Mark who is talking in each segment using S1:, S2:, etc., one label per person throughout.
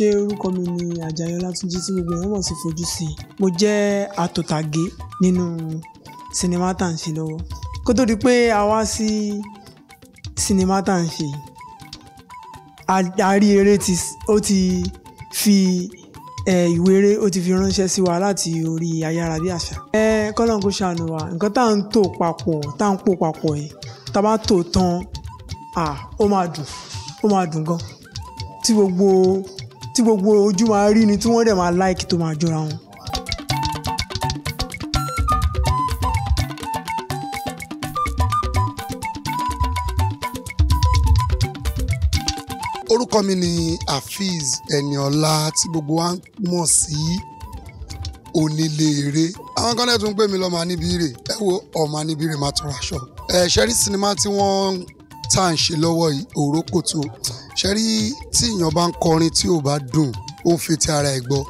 S1: ṣé orúkọ mi ni Àjàyí Ọlátúnjí tí gbogbo èèyàn mọ̀ sí Fojúsi. Mo jẹ́ atòtàgé nínú sinimá tá à ń ṣe lọ́wọ́. Kó tó di pé a wá sí sinimá tá à ń ṣe yìí, a rí eré tí ó ti fi ìwé eré ó ti fi ránṣẹ́ sí wa láti orí ayárabíàṣá. Ẹ kọ́lọ́n kó ṣàánú wa nǹkan tá à ń tò papọ̀ tá à ń pò papọ̀ yìí tá a bá tò tán ó máa dùn ó máa dùn gan tí gbogbo tí gbogbo ojú máa rí ni tí wọ́n dẹ̀ máa like tó máa jọra wọn.
S2: orúkọ mi ni Afeez Ẹniọlá tí gbogbo wa mọ̀ sí oníléèrè àwọn kan náà tún pè mí lọ́mọ aníbíire ẹ wo ọmọ aníbíire máa tọrọ aṣọ ẹ̀ ṣẹ́rí sinimá tí wọ́n tá à ń ṣe lọ́wọ́ yìí òrókòtò ṣẹ́rí tí èèyàn bá ń kọrin tí ò bá dùn ó ń fetí ara ẹ̀ gbọ́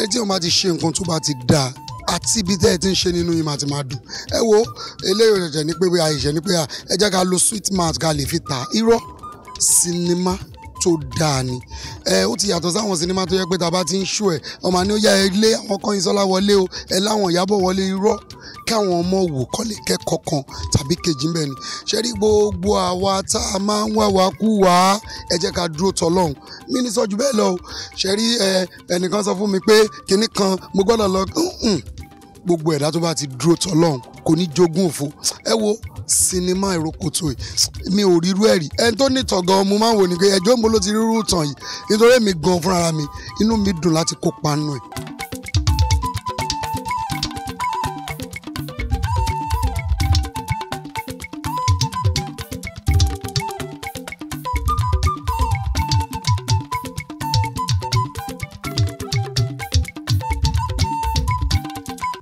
S2: ẹ tí wọ́n bá ti ṣe nǹkan tó bá ti dáa àti ibi tẹ́ ẹ ti ń ṣe nínú yìí máa ti máa dùn ẹ wo eléyìí ọ̀jẹ̀ ní pé àìṣẹ́ ní pé ẹ jẹ́ ká lo sweet mouth ká lè fi ta irọ́ sinimá tó dáa ni ẹ ó ti yàtọ̀ sáwọn sinimá tó yẹ pé tá a bá ti ń ṣú ẹ ọmọ àni ó yá ẹ lé wọlé o ẹ láwọn Ìyábọ̀ wọlé irọ́ káwọn ọmọ wò kọ́ lè kẹ́kọ̀ọ́ kan tàbí kejì ń bẹ̀ ni ṣẹ́rí gbogbo àwa tá a máa ń wá wa kú wá ẹ jẹ́ ká dúró tọ́lọ́hún mi ní sọ́jú bẹ́ẹ̀ lọ ṣẹ́rí ẹnìkan sọ fún mi pé kinní kan mo gbọ́dọ̀ lọ gbogbo ẹ̀dá tó bá ti dúró tọ́lọ́hún kò ní jogún òfo ẹ wo sinimá ìrókòtò yìí mi ò rírú ẹ̀rí ẹni tó nìtọ̀ gan mo máa ń wò ní pé ẹjọ́ mo ló ti rírú ìtàn yìí nítorí èmi gan fúnra mi inú mi dùn láti kópa nù ẹ̀.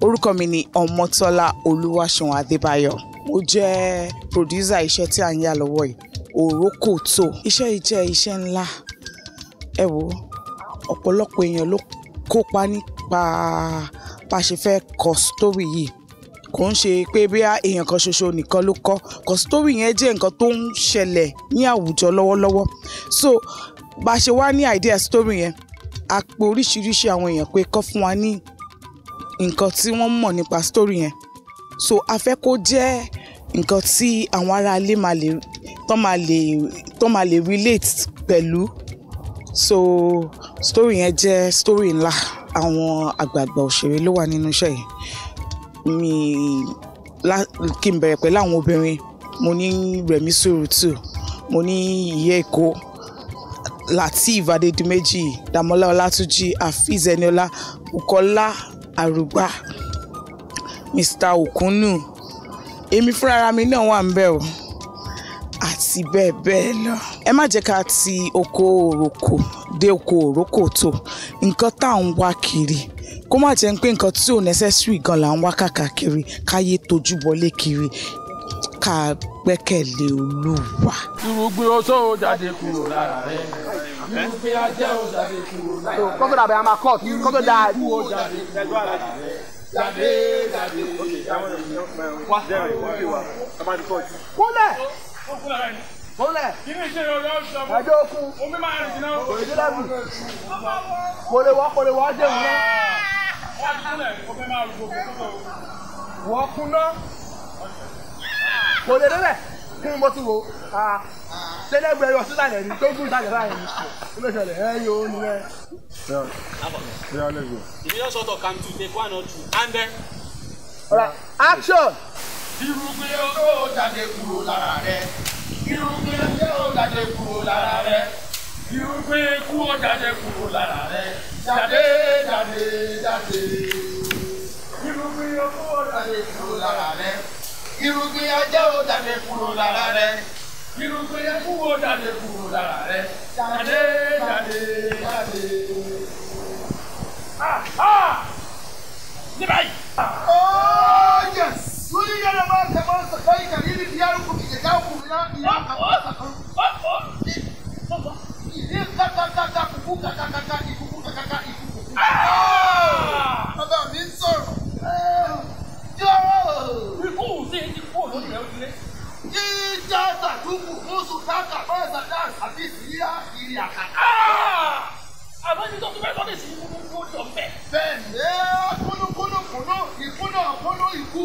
S1: orúkọ mi ni ọmọtọ́lá olúwaṣeun adébáyọ̀ mo jẹ́ producer iṣẹ́ tí à ń yà lọ́wọ́ yìí òrókòtò iṣẹ́ yìí jẹ́ iṣẹ́ ńlá ẹ wo ọ̀pọ̀lọpọ̀ èèyàn ló kópa nípa bá a ṣe fẹ́ kọ sítórì yìí kò ń ṣe pé bí èèyàn kan ṣoṣo nìkan ló kọ kọ sítórì yẹn jẹ́ nǹkan tó ń ṣẹlẹ̀ ní àwùjọ lọ́wọ́lọ́wọ́ so bá a ṣe wá ní idea sítórì yẹn a pe oríṣiríṣi àwọn èèyàn pé kọ́ fún wa ní nǹkan tí wọ́n mọ̀ nípa story yẹn so a fẹ́ kó jẹ́ nǹkan tí àwọn ará ilé máa lè tán máa lè tán máa lè relate pẹ̀lú so story yẹn jẹ́ story ńlá àwọn àgbààgbà òṣèré ló wà nínú iṣẹ́ yìí mi la kí n bẹ̀rẹ̀ pẹ̀lú àwọn obìnrin mo ní Rẹ̀mí Sùrùtù mo ní Ìyá Èkó Lateef Adédìméjì Dàmọ́lá Ọlátúnjí Afeez Ẹniọlá Bùkọ́lá Aruba Mr. Okunu èmi fúnra mi náà wà ńbẹ̀ o àti bẹ́ẹ̀ bẹ́ẹ̀ lọ. ẹ má jẹ́ ká ti oko òròkò dé oko òròkò tó nǹkan tá à ń wá kiri kó má jẹ́ pé nǹkan tí ò necessary gan la ń wá kiri káyé tójú bọlé kiri ká gbẹ́kẹ̀lé olúwa.
S2: irúgbìn oṣó jáde kúrò lára rẹ. so kókó dàbẹ̀ àmà court kókó dà. kúnlẹ̀ kúnlẹ̀ ẹjọ́ okun òyìnbó kòlèwọ́ kòlèwọ́ dé wù náà wọ́n kún náà kòlè délẹ̀ kí ni mo ti wò ó. Ah sẹlẹgbẹ yọ sí sàlẹ̀ ni tó kú sàlẹ̀ báyìí ni ó lè ṣẹlẹ̀ ẹ yóò ní ẹ. ìdí yóò sọ̀tọ̀ kam tu take one or two and then. ọ̀rọ̀ action. irúgbìn yóò jáde kúrò lára rẹ irúgbìn yóò jáde kúrò lára rẹ irúgbìn yóò jáde kúrò lára rẹ jáde jáde jáde irúgbìn yóò jáde kúrò lára rẹ irúgbìn yóò jáde kúrò lára rẹ irúgbìn yẹn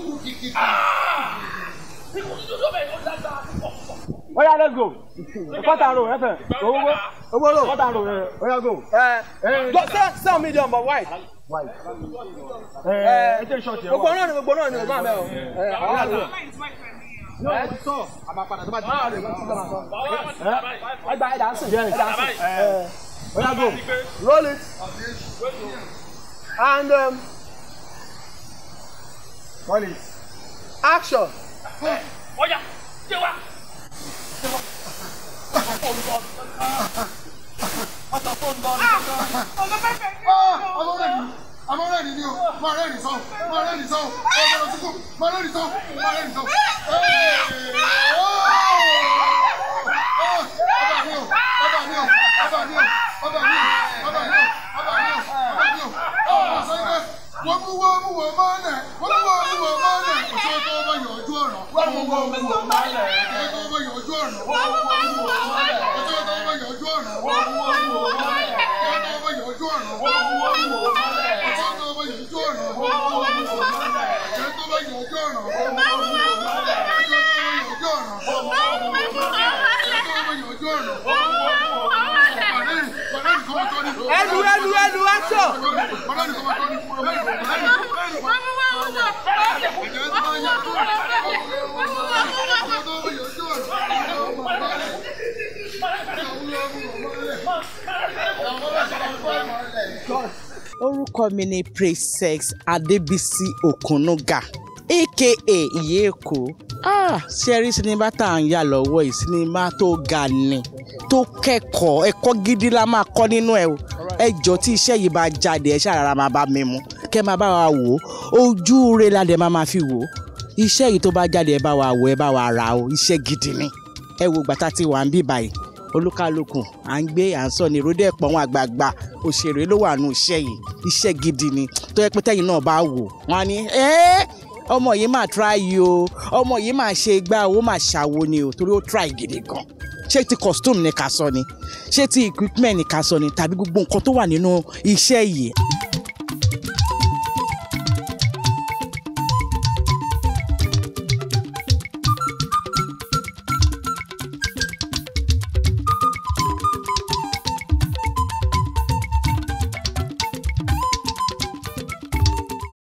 S2: kúkú kìkì. Oya let's go. Kọ́tà ro ẹ̀fẹ̀. Owó owó ro. Kọ́tà ro ẹ̀ oya go. Eh. Eh, eh, ẹ send send medium but white. White. Ẹ ẹ tẹ ṣọ́ọ̀tì ẹ wá. Gbogbo náà ni gbogbo náà ni ọgbà mẹ́ o. Ẹ ọ̀la go.
S1: Ní o ti sọ, àmàpadà tó bá di ọ̀la rẹ̀ ló ti sọ ma sọ.
S2: Ẹ gba ẹ̀dá sùn. Ẹ̀dá sùn. Oya go. Roll it. And. Um, Police. Action. Oya, ṣé wa? Ọ̀sán tó ń lọ ní ọjọ́. Ọmọ bẹ́ẹ̀ bẹ́ẹ̀ ọmọ bẹ́ẹ̀ ni ọmọ bẹ́ẹ̀ ni ni o, máa rẹ́rìn sọ́ọ̀, máa rẹ́rìn sọ́ọ̀, máa rẹ́rìn sọ́ọ̀, máa rẹ́rìn sọ́ọ̀. olúwo olúwo mọ́lẹ̀ olúwo olúwo mọ́lẹ̀ òṣèlú tó bá yọ ojú ọ̀nà olúwo olúwo mọ́lẹ̀ òṣèlú tó bá yọ ojú ọ̀nà olúwo olúwo mọ́lẹ̀ òṣèlú tó bá yọ ojú ọ̀nà olúwo olúwo mọ́lẹ̀ òṣèlú tó bá yọ ojú ọ̀nà olúwo olúwo mọ́lẹ̀ òṣèlú tó bá yọ ojú ọ̀nà olúwo olúwo mọ́lẹ̀ òṣèlú tó bá yọ ojú ọ̀nà olúwo olúwo mọ́lẹ̀ òṣèlú tó bá yọ ojú ọ̀nà olúwo olúwo mọ́lẹ̀ òṣèlú tó bá yọ ojú ọ̀nà olúwo olúwo mọ́lẹ̀ ẹnu ẹnu ẹnu ẹsọ.
S1: orúkọ mi ni Princess Adébísí Òkúnnúgà aka Ìyèkó ah ṣẹ́rí sinimá tá à ń yà lọ́wọ́ yìí sinimá tó ga ni tó kẹ́kọ̀ọ́ ẹ̀kọ́ gidi la máa kọ́ nínú ẹ̀ o ẹjọ́ tí iṣẹ́ yìí bá jáde ẹ̀ ṣàrara máa bá mi mu kẹ́ máa bá wa wò ó ojú rẹ̀ la dẹ̀ máa ma fi wò ó iṣẹ́ yìí tó bá jáde ẹ̀ bá wa wò ẹ̀ bá wa rà ó iṣẹ́ gidi ni ẹ wo gbàtà tí wà ń bí báyìí olúkálùkù à ń gbé à ń sọ ní ìròdé ẹ̀pọ̀ àwọn àgbààgbà òṣèré ló wà nù iṣẹ́ yìí iṣẹ́ gidi ni tó yẹ pé tẹ́yìn náà bá wò wọ́n á ní ọmọ yìí máa try o ọmọ yìí máa ṣe igbá owó máa ṣàwo ni o torí ó try gidi gan ṣé ti costume ni ká sọ ni ṣé ti equipment ni ká sọ ni tàbí gbogbo nǹkan tó wà nínú iṣẹ́ yìí.